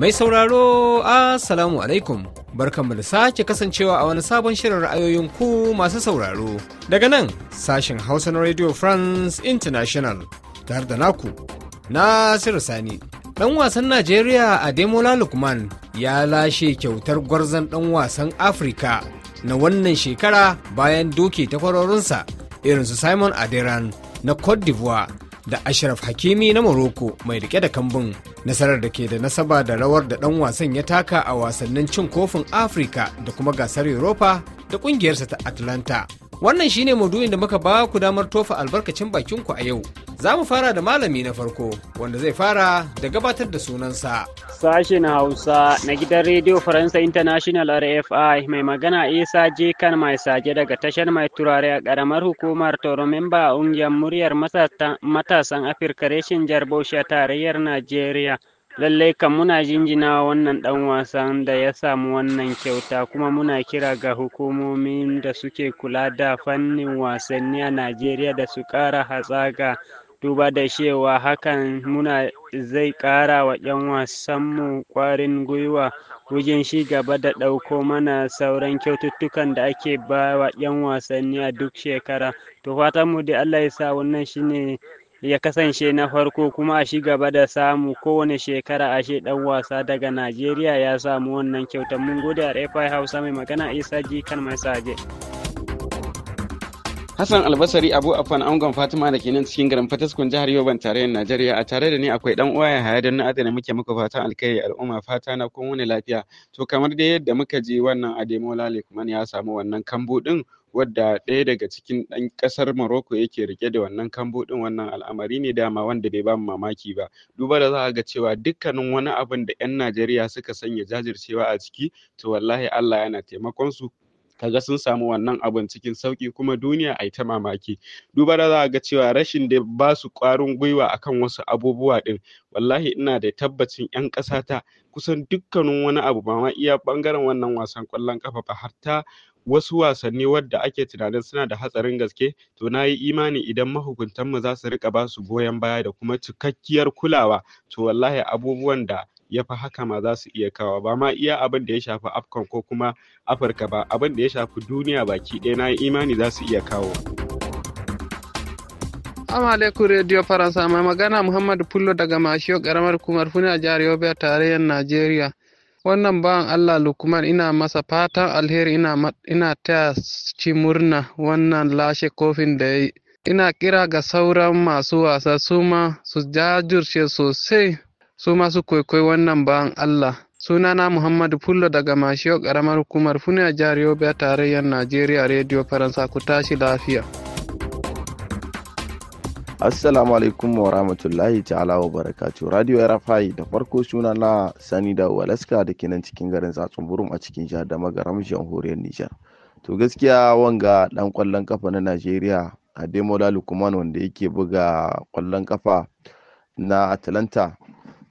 Mai sauraro Assalamu alaikum barkanmu da sake kasancewa a wani sabon shirin ra'ayoyin ku masu sauraro daga nan sashen Hausa na Radio France International tare da naku Nasiru Sani. Ɗan wasan Najeriya Ademola Lukman ya lashe kyautar gwarzon ɗan wasan Afrika na wannan shekara bayan doke takwarorinsa irin su Simon Aderan na Cote d'Ivoire da Ashraf Hakimi na Morocco mai rike da kambun nasarar da ke da nasaba da rawar da ɗan wasan ya taka a wasannin cin kofin afirka da kuma gasar europa da ƙungiyarsa ta atlanta wannan shine maudu'in da muka ba ku damar tofa albarkacin bakinku a yau Za mu fara da malami na farko wanda zai fara da gabatar da sunansa. Sashen Hausa na gidan Rediyo Faransa International RFI mai magana Isa Jekan mai saje daga tashar mai turare a ƙaramar hukumar Toro memba a ungiyar muryar matasan Afirka reshin jihar tarayyar Najeriya. lallai kan muna jinjina wannan dan wasan da ya samu wannan kyauta kuma muna kira ga hukumomin da suke kula da fannin wasanni a najeriya da su ƙara hatsaga duba da cewa hakan muna zai kara wa 'yan wasanmu kwarin gwiwa wajen shi gaba da ɗauko mana sauran kyaututtukan da ake ba wa 'yan wasanni a duk shekara to fatan mu da allah ya sa wannan shine ya kasance na farko kuma a shi gaba da samu kowane shekara ashe dan wasa daga najeriya ya samu wannan kyautar mun gode a hausa mai magana isa jikan mai saje. Hassan Albasari Abu Afan Angon Fatima da ke nan cikin garin Fataskun jihar Yoban tarayyar Najeriya a tare da ni akwai dan uwa ya haya don na adana muke muku fata alkhairi al'umma fata na kun wani lafiya to kamar dai yadda muka je wannan Ademola Lukman ya samu wannan kambu din wadda ɗaya daga cikin ɗan ƙasar Morocco yake rike da wannan kambo din wannan al'amari ne dama wanda bai ba mamaki ba duba da za a ga cewa dukkanin wani abin da 'yan Najeriya suka sanya jajircewa a ciki to wallahi Allah yana taimakon su kaga sun samu wannan abun cikin sauki kuma duniya a ta mamaki duba da za ga cewa rashin da ba su ƙwarin gwiwa akan wasu abubuwa ɗin wallahi ina da tabbacin 'yan ta. kusan dukkanin wani abu ba ma iya ɓangaren wannan wasan ƙwallon ƙafa ba har ta wasu wasanni wadda ake tunanin suna da hatsarin gaske to na yi imani idan mahukuntanmu za su rika ba su goyon baya da kuma cikakkiyar kulawa to wallahi abubuwan da ya fi haka ma za su iya kawo ba ma iya abin da ya shafi afcon ko kuma afirka ba abin da ya shafi duniya baki ɗaya na imani za su iya kawo. Assalamu alaikum Radio Faransa mai magana Muhammadu pullo daga Mashiyo karamar kumar funi a jihar Yobe a tarayyar Najeriya. Wannan bawan Allah Lukman ina masa fatan alheri ina, ina taya ci murna wannan lashe kofin da ya yi. Ina kira ga sauran masu wasa su ma su jajirce sosai su masu kwaikwayo wannan bayan Allah. Sunana Muhammadu Fullo daga Mashiyo ƙaramar hukumar Fune jihar Yobe tarayyar Najeriya Radio Faransa ku tashi lafiya. Assalamu alaikum wa rahmatullahi ta'ala wa barakatu. Radio RFI da farko suna na Sani da Walaska da kinan cikin garin tsatsun Burum a cikin jihar da magaram jamhuriyar Nijar. To gaskiya wanga dan kwallon kafa na Najeriya Ademola Lukman wanda yake buga kwallon kafa na atlanta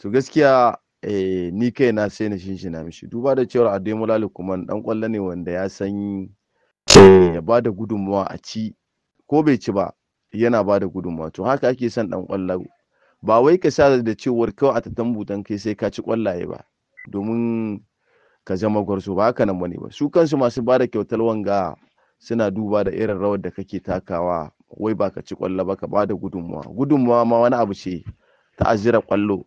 to gaskiya eh, kai na sai na shinshina mishi duba da cewar lalu kuma dan kwallo ne wanda ya san eh. ya bada da gudunmawa a ci ko bai ci ba yana bada da gudunmawa to haka ake son dan kwallo ba wai ka sa da cewar kawai a tattan butan kai sai ka ci kwallaye ba domin ka zama gwarzo ba haka nan bane ba su kansu masu bada kyautar wanga suna duba da irin rawar da kake takawa wai ba ka ci kwallo ba ka ba da gudunmawa gudunmawa ma wani abu ce ta azira kwallo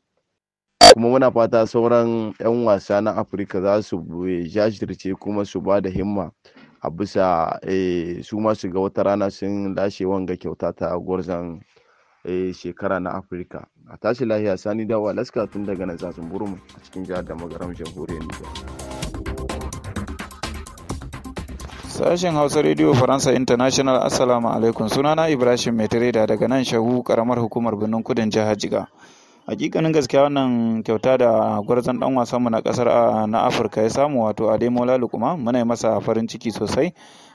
kuma muna fata sauran 'yan wasa na afirka za su jajirce kuma su ba da himma a bisa eh, su ma ga wata rana sun lashe wanga kyauta ta gwarzon eh, shekara na afirka a tashi lahiya sani dawa alaska tun daga nan zazen burum a cikin jihar da magaram jamhuriyar nijar sashen hausa radio faransa international assalamu alaikum sunana ibrahim metreda daga nan shahu karamar hukumar birnin kudin jihar jiga hakikanin gaskiya wannan kyauta da gwarzon dan wasan mu na kasar na Afirka ya samu wato Ademola Lukuma muna masa farin ciki sosai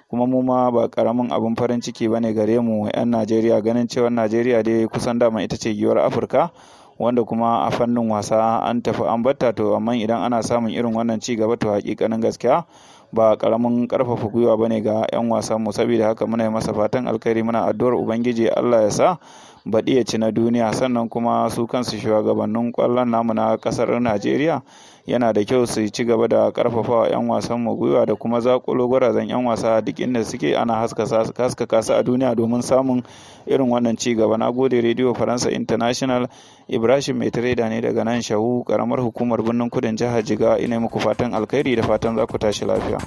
kuma mu ma ba karamin abin farin ciki bane gare mu 'yan Najeriya ganin cewa Najeriya dai kusan dama ita ce giwar Afirka wanda kuma a fannin wasa an tafi an batta to amma idan ana samun irin wannan ci gaba to hakikanin gaskiya ba karamin karfafa gwiwa bane ga 'yan wasan mu saboda haka muna yi masa fatan alkhairi muna addu'ar ubangiji Allah ya sa baɗi ya ci na duniya sannan kuma su kansu shugabannin kwallon namu na ƙasar najeriya yana da kyau su ci gaba da ƙarfafa wa 'yan wasan mu gwiwa da kuma zakulo gwarazan 'yan wasa duk inda suke ana haskaka su a duniya domin samun irin wannan ci gaba na gode rediyo faransa international ibrahim mai ne daga nan shahu karamar hukumar birnin kudin jihar jigawa ina muku fatan alkhairi da fatan za ku tashi lafiya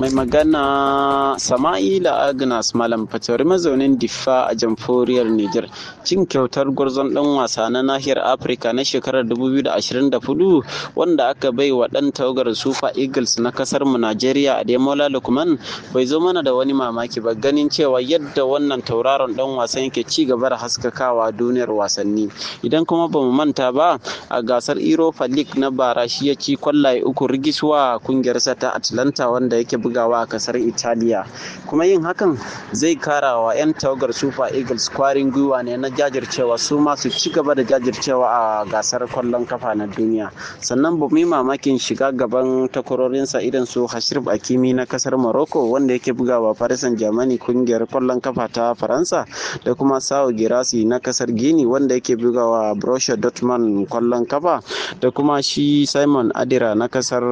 mai magana sama'ila agnes malam fatori mazaunin diffa a jamforiyar niger cin kyautar gwarzon ɗan wasa na nahiyar afirka na shekarar 2024 wanda aka bai wa dan tawagar sufa eagles na kasar mu nigeria ademola lukman bai zo mana da wani mamaki ba ganin cewa yadda wannan tauraron dan wasan yake ci gaba da haskakawa duniyar wasanni idan kuma ba mu manta ba a gasar europa league na bara shi ya ci kwallaye uku rigiswa kungiyarsa ta atlanta wanda yake bugawa a kasar italiya kuma yin hakan zai kara wa 'yan tawagar super eagles kwarin gwiwa ne na jajircewa su masu ci gaba da jajircewa a gasar kwallon kafa na duniya sannan ba yi mamakin shiga gaban takwarorinsa idan su hashir akimi na kasar morocco wanda yake bugawa faransa germany kungiyar kwallon kafa ta faransa da kuma sao girasi na kasar gini wanda yake bugawa borussia dortmund kwallon kafa da kuma shi simon adira na kasar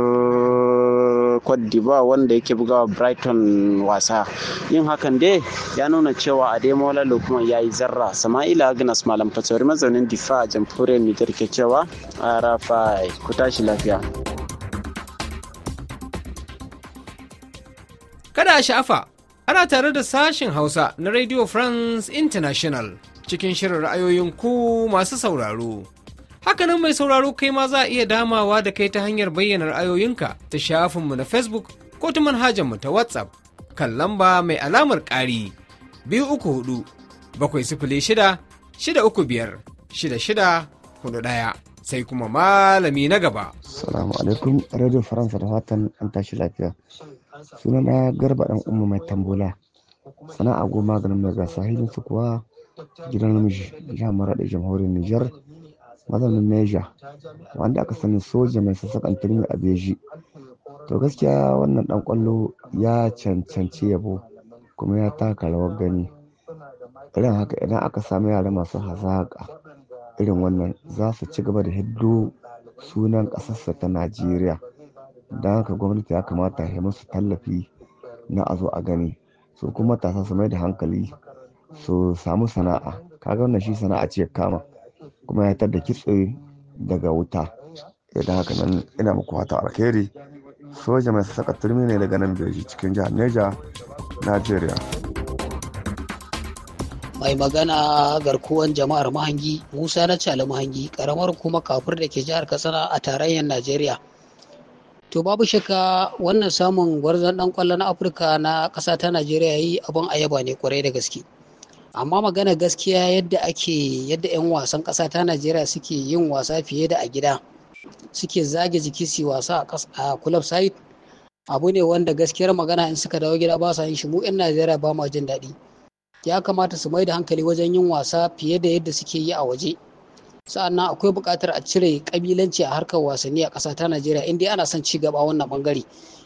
Cote d'Ivoire wanda yake bugawa Brighton wasa. Yin hakan dai ya nuna cewa Ademola Lookman ya yi zarra. Sama'ila Agnes Malam Fatori mazaunin Difa a jamhuriyar Nijar ke cewa a Rafa ku tashi lafiya. Kada a sha'afa, ana tare da sashen Hausa na Radio France International cikin shirin ra'ayoyin ku masu sauraro. Hakanan mai sauraro kai ma za a iya damawa da kai ta hanyar bayyana ra'ayoyinka ta shafinmu na Facebook ko ta manhajarmu ta WhatsApp kan lamba mai alamar ƙari biyu uku hudu bakwai sifili shida shida uku biyar shida shida hudu ɗaya. sai kuma malami na gaba. Salamu alaikum Radio Faransa da fatan an tashi lafiya. Suna na garba ɗan umma mai tambola. Sana'a goma ganin mai gasa su kuwa gidan namiji mara Maraɗi jamhuriyar Nijar mazaunin Niger wanda aka sani soja mai sassaƙan turmi a Beji. To gaskiya wannan ɗan ƙwallo ya cancanci yabo kuma ya taka rawar gani. Irin haka idan aka samu yara masu hazaƙa irin wannan za su ci gaba da hiddo sunan ƙasarsa ta Najeriya. Don haka gwamnati ya kamata ya musu tallafi na a a gani. Su kuma matasa su mai da hankali su samu sana'a. Kaga wannan shi sana'a ce ya kama. kuma ya tar da kitse daga wuta idan eh, haka nan ina muku fata alkhairi soja mai saka turmi ne daga nan beji cikin jihar neja nigeria mai magana garkuwan jama'ar mahangi musa na cala mahangi karamar kuma kafur da ke jihar katsina a tarayyar najeriya to babu shakka wannan samun gwarzon dan kwallo afirka na ƙasa ta najeriya yi abin ayaba ne kwarai da gaske amma magana gaskiya yadda ake yadda 'yan wasan ƙasa ta najeriya suke yin wasa fiye da a gida suke zage jiki su wasa a club side abu ne wanda gaskiyar magana in suka dawo gida ba sa yin shi mu 'yan najeriya ba ma jin daɗi ya kamata su mai da hankali wajen yin wasa fiye da yadda suke yi a waje sa'annan akwai buƙatar a cire ƙabilanci a harkar wasanni a ƙasa ta najeriya inda ana son ci gaba wannan bangare.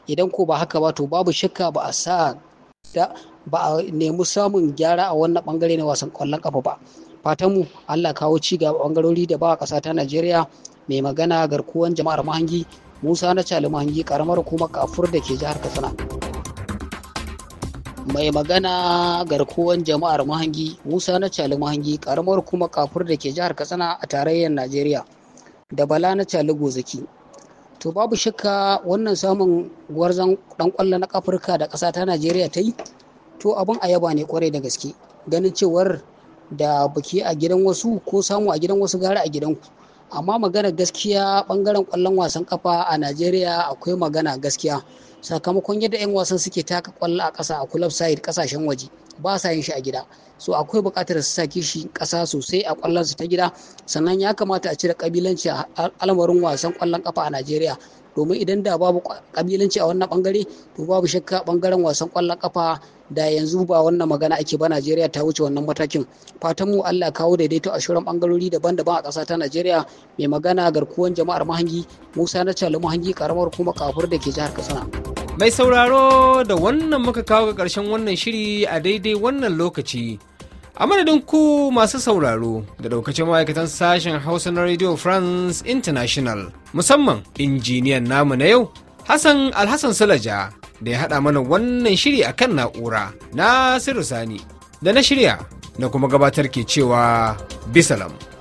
idan ko ba haka ba to babu shakka ba a sa da ba a nemi samun gyara a wannan bangare na wasan kwallon kafa ba fatan mu Allah kawo ci gaba bangarori da ba ƙasa ta Najeriya mai magana garkuwan jama'ar mahangi Musa na Cali mahangi karamar kuma kafur da ke jihar Katsina mai magana garkuwan jama'ar mahangi Musa na Cali mahangi karamar kuma kafur da ke jihar Katsina a tarayyar Najeriya da Bala na Cali Gozaki to babu shakka wannan samun gwarzon dan kwallo na afirka da ƙasa ta najeriya ta yi to abin ayaba ne kwarai da gaske ganin cewar da biki a gidan wasu ko samu a gidan wasu gara a gidanku amma magana gaskiya bangaren kwallon wasan kafa a najeriya akwai magana gaskiya sakamakon yadda 'yan wasan suke taka kwallo a ƙasa a club side ƙasashen waje ba sa yin shi a gida so akwai buƙatar su sake shi ƙasa sosai a ƙwallon su ta gida sannan ya kamata a cire ƙabilanci a al'amarin wasan ƙwallon ƙafa a Najeriya domin idan da babu ƙabilanci a wannan bangare to babu shakka bangaren wasan ƙwallon ƙafa da yanzu ba wannan magana ake ba Najeriya ta wuce wannan matakin fatan mu Allah kawo daidaito a shirin bangarori daban-daban a ƙasa ta Najeriya mai magana garkuwan jama'ar mahangi Musa na Chalu mahangi karamar kuma kafur da ke jihar Katsina. Mai sauraro da wannan muka kawo ga ƙarshen wannan shiri a daidai wannan lokaci. A madadin ku masu sauraro da daukacin ma'aikatan sashen Hausa na Radio France International musamman injiniyan namu na yau Hassan Alhassan Sulaja da ya haɗa mana wannan shiri a kan na'ura na Sani da na shirya na kuma gabatar ke cewa bisalam.